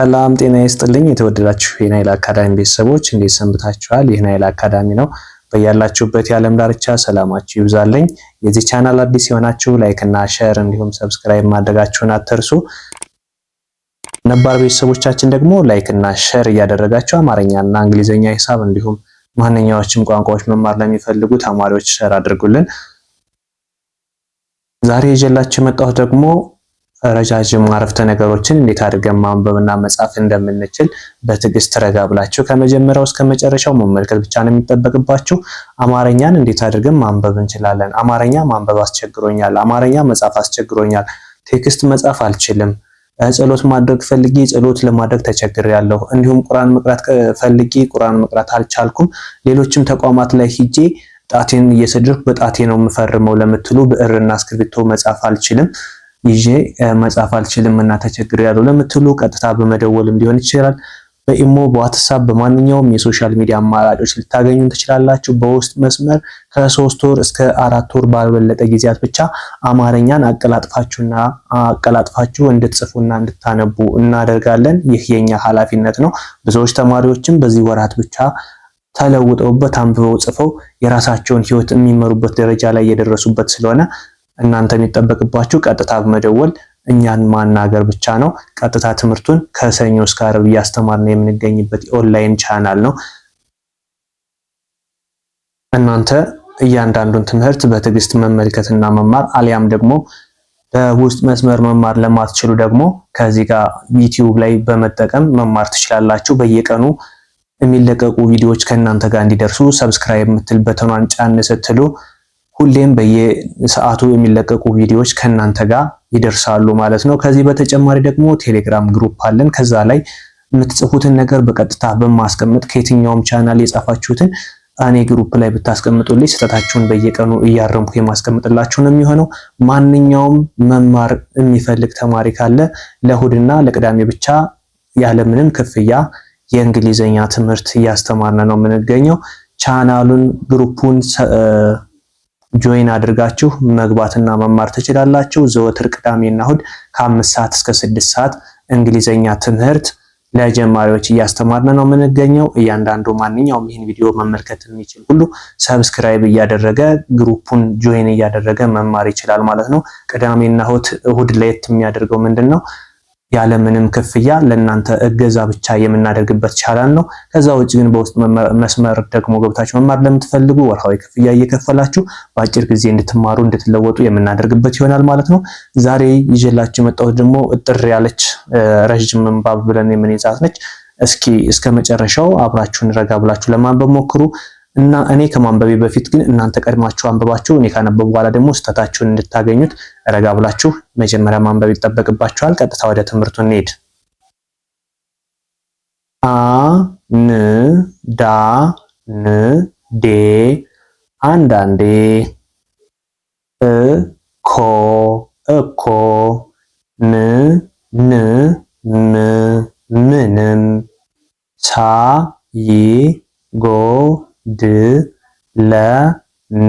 ሰላም ጤና ይስጥልኝ። የተወደዳችሁ የናይል አካዳሚ ቤተሰቦች እንዴት ሰንብታችኋል? ይህ ናይል አካዳሚ ነው። በያላችሁበት የዓለም ዳርቻ ሰላማችሁ ይብዛልኝ። የዚህ ቻናል አዲስ የሆናችሁ ላይክ እና ሸር እንዲሁም ሰብስክራይብ ማድረጋችሁን አትርሱ። ነባር ቤተሰቦቻችን ደግሞ ላይክ እና ሸር እያደረጋችሁ እና እንግሊዝኛ፣ ሂሳብ እንዲሁም ማንኛዎችም ቋንቋዎች መማር ለሚፈልጉ ተማሪዎች ሸር አድርጉልን። ዛሬ ይዤላችሁ የመጣሁት ደግሞ ረጃጅም አረፍተ ነገሮችን እንዴት አድርገን ማንበብና መጻፍ እንደምንችል በትዕግስት ረጋ ብላችሁ ከመጀመሪያው እስከ መጨረሻው መመልከት ብቻ ነው የሚጠበቅባችሁ። አማርኛን እንዴት አድርገን ማንበብ እንችላለን? አማርኛ ማንበብ አስቸግሮኛል፣ አማርኛ መጻፍ አስቸግሮኛል፣ ቴክስት መጻፍ አልችልም፣ ጸሎት ማድረግ ፈልጌ ጸሎት ለማድረግ ተቸግሬያለሁ፣ እንዲሁም ቁርአን መቅራት ፈልጌ ቁርአን መቅራት አልቻልኩም፣ ሌሎችም ተቋማት ላይ ሂጄ ጣቴን እየሰደድኩ በጣቴ ነው የምፈርመው ለምትሉ ብዕርና እስክሪብቶ መጻፍ አልችልም ይዤ መጻፍ አልችልም እና ተቸግሬ ያለው ለምትሉ ቀጥታ በመደወልም ሊሆን ይችላል። በኢሞ በዋትሳፕ በማንኛውም የሶሻል ሚዲያ አማራጮች ልታገኙ ትችላላችሁ። በውስጥ መስመር ከሶስት ወር እስከ አራት ወር ባልበለጠ ጊዜያት ብቻ አማርኛን አቀላጥፋችሁና አቀላጥፋችሁ እንድትጽፉና እንድታነቡ እናደርጋለን። ይህ የኛ ኃላፊነት ነው። ብዙዎች ተማሪዎችም በዚህ ወራት ብቻ ተለውጠውበት አንብበው ጽፈው የራሳቸውን ህይወት የሚመሩበት ደረጃ ላይ የደረሱበት ስለሆነ እናንተ የሚጠበቅባችሁ ቀጥታ በመደወል እኛን ማናገር ብቻ ነው። ቀጥታ ትምህርቱን ከሰኞ እስከ ዓርብ እያስተማርን የምንገኝበት ኦንላይን ቻናል ነው። እናንተ እያንዳንዱን ትምህርት በትዕግስት መመልከትና መማር አሊያም ደግሞ በውስጥ መስመር መማር ለማትችሉ ደግሞ ከዚህ ጋር ዩቲዩብ ላይ በመጠቀም መማር ትችላላችሁ። በየቀኑ የሚለቀቁ ቪዲዮዎች ከእናንተ ጋር እንዲደርሱ ሰብስክራይብ የምትል በተኗን ጫን ስትሉ ሁሌም በየሰዓቱ የሚለቀቁ ቪዲዮዎች ከእናንተ ጋር ይደርሳሉ ማለት ነው። ከዚህ በተጨማሪ ደግሞ ቴሌግራም ግሩፕ አለን። ከዛ ላይ የምትጽፉትን ነገር በቀጥታ በማስቀመጥ ከየትኛውም ቻናል የጻፋችሁትን እኔ ግሩፕ ላይ ብታስቀምጡልኝ ስህተታችሁን በየቀኑ እያረምኩ የማስቀምጥላችሁ ነው የሚሆነው። ማንኛውም መማር የሚፈልግ ተማሪ ካለ ለእሁድና ለቅዳሜ ብቻ ያለምንም ክፍያ የእንግሊዝኛ ትምህርት እያስተማርን ነው የምንገኘው። ቻናሉን ግሩፑን ጆይን አድርጋችሁ መግባትና መማር ትችላላችሁ። ዘወትር ቅዳሜና እሁድ ከአምስት ሰዓት እስከ ስድስት ሰዓት እንግሊዘኛ ትምህርት ለጀማሪዎች እያስተማርን ነው የምንገኘው። እያንዳንዱ ማንኛውም ይህን ቪዲዮ መመልከት የሚችል ሁሉ ሰብስክራይብ እያደረገ ግሩፑን ጆይን እያደረገ መማር ይችላል ማለት ነው። ቅዳሜና እሁድ ለየት የሚያደርገው ምንድን ነው? ያለምንም ክፍያ ለእናንተ እገዛ ብቻ የምናደርግበት ቻናል ነው። ከዛ ውጭ ግን በውስጥ መስመር ደግሞ ገብታችሁ መማር ለምትፈልጉ ወርሃዊ ክፍያ እየከፈላችሁ በአጭር ጊዜ እንድትማሩ እንድትለወጡ የምናደርግበት ይሆናል ማለት ነው። ዛሬ ይዤላችሁ የመጣሁት ደግሞ እጥር ያለች ረዥም ምንባብ ብለን የምንይዛት ነች። እስኪ እስከ መጨረሻው አብራችሁን ረጋ ብላችሁ ለማንበብ ሞክሩ። እና እኔ ከማንበቤ በፊት ግን እናንተ ቀድማችሁ አንብባችሁ እኔ ካነበቡ በኋላ ደግሞ ስህተታችሁን እንድታገኙት ረጋ ብላችሁ መጀመሪያ ማንበብ ይጠበቅባችኋል። ቀጥታ ወደ ትምህርቱ እንሄድ። አ ን ዳ ን ዴ አንዳንዴ እ ኮ እኮ ም ን ም ምንም ሳ ይ ጎ ድ ለ ን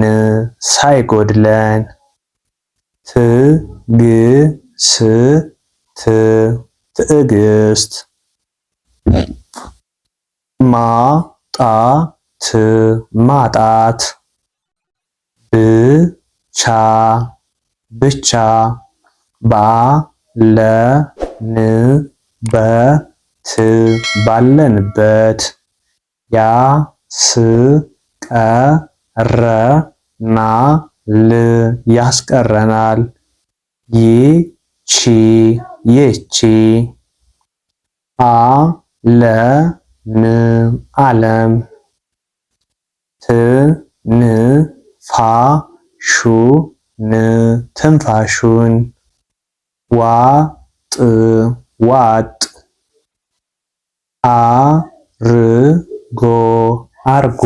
ሳይጎድለን ት ግ ስ ት ትዕግስት ማ ጣ ት ማጣት ብ ቻ ብቻ ባ ለ ን በ ት ባለንበት ያ ስ ል ያስቀረናል። ይቺ ይቺ አለም አለም ትንፋሹን ትንፋሹን ዋጥ ዋጥ አርጎ አርጎ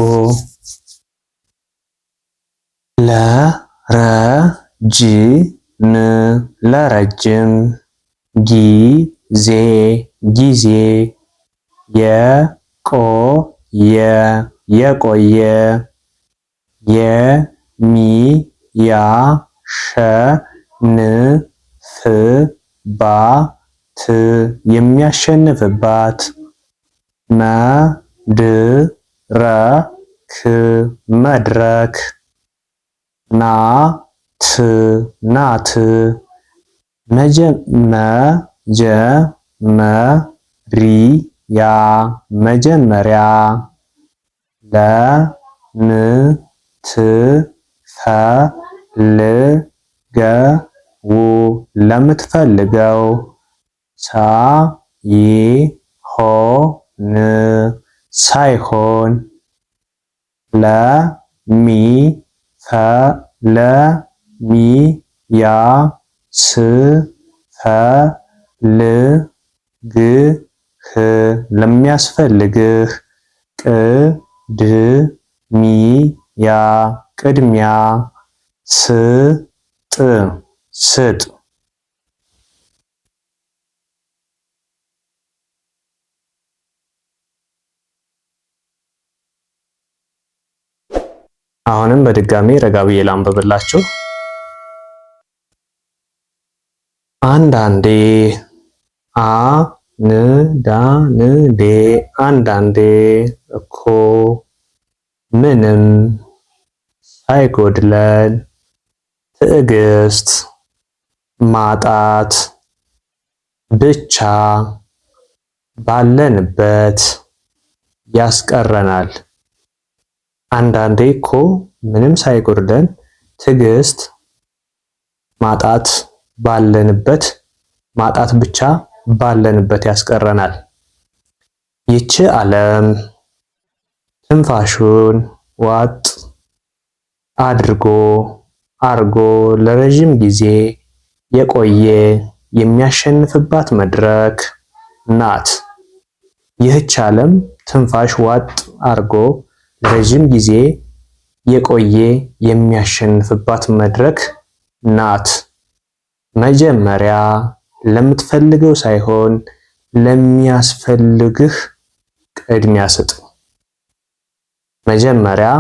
ለረጅም ለረጅም ጊዜ ጊዜ የቆየ የቆየ የሚያሸንፍባት የሚያሸንፍባት መድ ረክ መድረክ ና ት ናት መጀመሪያ መጀመሪያ ለምትፈልገው ለምትፈልገው ሳይሆን ሳይሆን ለሚ ለሚያ ስ ፈ ል ግ ህ ለሚያስፈልግህ ቅድሚያ ቅድሚያ ስጥ ስጥ አሁንም በድጋሚ ረጋ ብዬ አንዳንዴ አ ን ዳ ን ዴ አንዳንዴ እኮ ምንም ሳይጎድለን ትዕግስት ማጣት ብቻ ባለንበት ያስቀረናል። አንዳንዴ እኮ ምንም ሳይጎርደን ትዕግስት ማጣት ባለንበት ማጣት ብቻ ባለንበት ያስቀረናል። ይቺ ዓለም ትንፋሹን ዋጥ አድርጎ አርጎ ለረዥም ጊዜ የቆየ የሚያሸንፍባት መድረክ ናት። ይህች ዓለም ትንፋሽ ዋጥ አርጎ ለረዥም ጊዜ የቆየ የሚያሸንፍባት መድረክ ናት። መጀመሪያ ለምትፈልገው ሳይሆን ለሚያስፈልግህ ቅድሚያ ስጥ። መጀመሪያ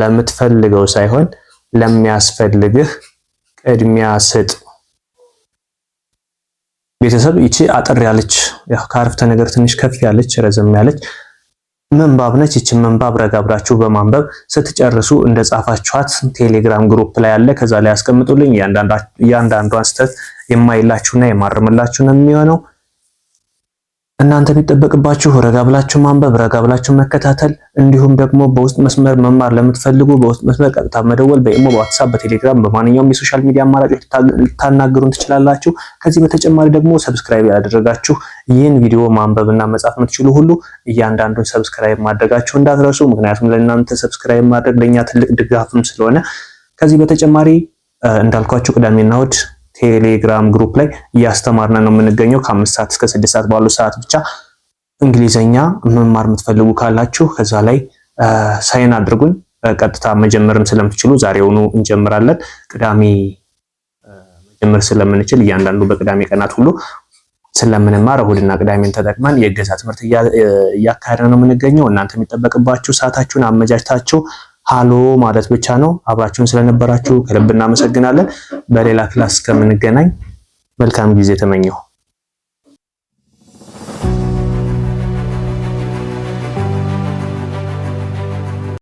ለምትፈልገው ሳይሆን ለሚያስፈልግህ ቅድሚያ ስጥ። ቤተሰብ ይቺ አጠር ያለች ከአረፍተ ነገር ትንሽ ከፍ ያለች ረዘም ያለች ምንባብ ነች። ይችን ምንባብ ረጋብራችሁ በማንበብ ስትጨርሱ እንደ ጻፋችኋት ቴሌግራም ግሩፕ ላይ አለ። ከዛ ላይ ያስቀምጡልኝ። እያንዳንዷን ስህተት የማይላችሁና የማርምላችሁ ነው የሚሆነው። እናንተ የሚጠበቅባችሁ ረጋ ብላችሁ ማንበብ፣ ረጋ ብላችሁ መከታተል እንዲሁም ደግሞ በውስጥ መስመር መማር ለምትፈልጉ በውስጥ መስመር ቀጥታ መደወል፣ በኢሞ፣ በዋትሳፕ፣ በቴሌግራም በማንኛውም የሶሻል ሚዲያ አማራጮች ልታናግሩን ትችላላችሁ። ከዚህ በተጨማሪ ደግሞ ሰብስክራይብ ያደረጋችሁ ይህን ቪዲዮ ማንበብና መጻፍ የምትችሉ ሁሉ እያንዳንዱን ሰብስክራይብ ማድረጋችሁ እንዳትረሱ። ምክንያቱም ለእናንተ ሰብስክራይብ ማድረግ ለእኛ ትልቅ ድጋፍም ስለሆነ ከዚህ በተጨማሪ እንዳልኳችሁ ቅዳሜና እሑድ ቴሌግራም ግሩፕ ላይ እያስተማርን ነው የምንገኘው። ከአምስት ሰዓት እስከ ስድስት ሰዓት ባሉ ሰዓት ብቻ እንግሊዘኛ መማር የምትፈልጉ ካላችሁ ከዛ ላይ ሳይን አድርጉኝ። ቀጥታ መጀመርም ስለምትችሉ ዛሬውኑ እንጀምራለን። ቅዳሜ መጀመር ስለምንችል እያንዳንዱ በቅዳሜ ቀናት ሁሉ ስለምንማር እሁድና ቅዳሜን ተጠቅመን የእገዛ ትምህርት እያካሄደ ነው የምንገኘው። እናንተ የሚጠበቅባችሁ ሰዓታችሁን አመቻችታችሁ ሃሎ ማለት ብቻ ነው። አብራችሁን ስለነበራችሁ ከልብ እናመሰግናለን። በሌላ ክላስ ከምንገናኝ መልካም ጊዜ ተመኘው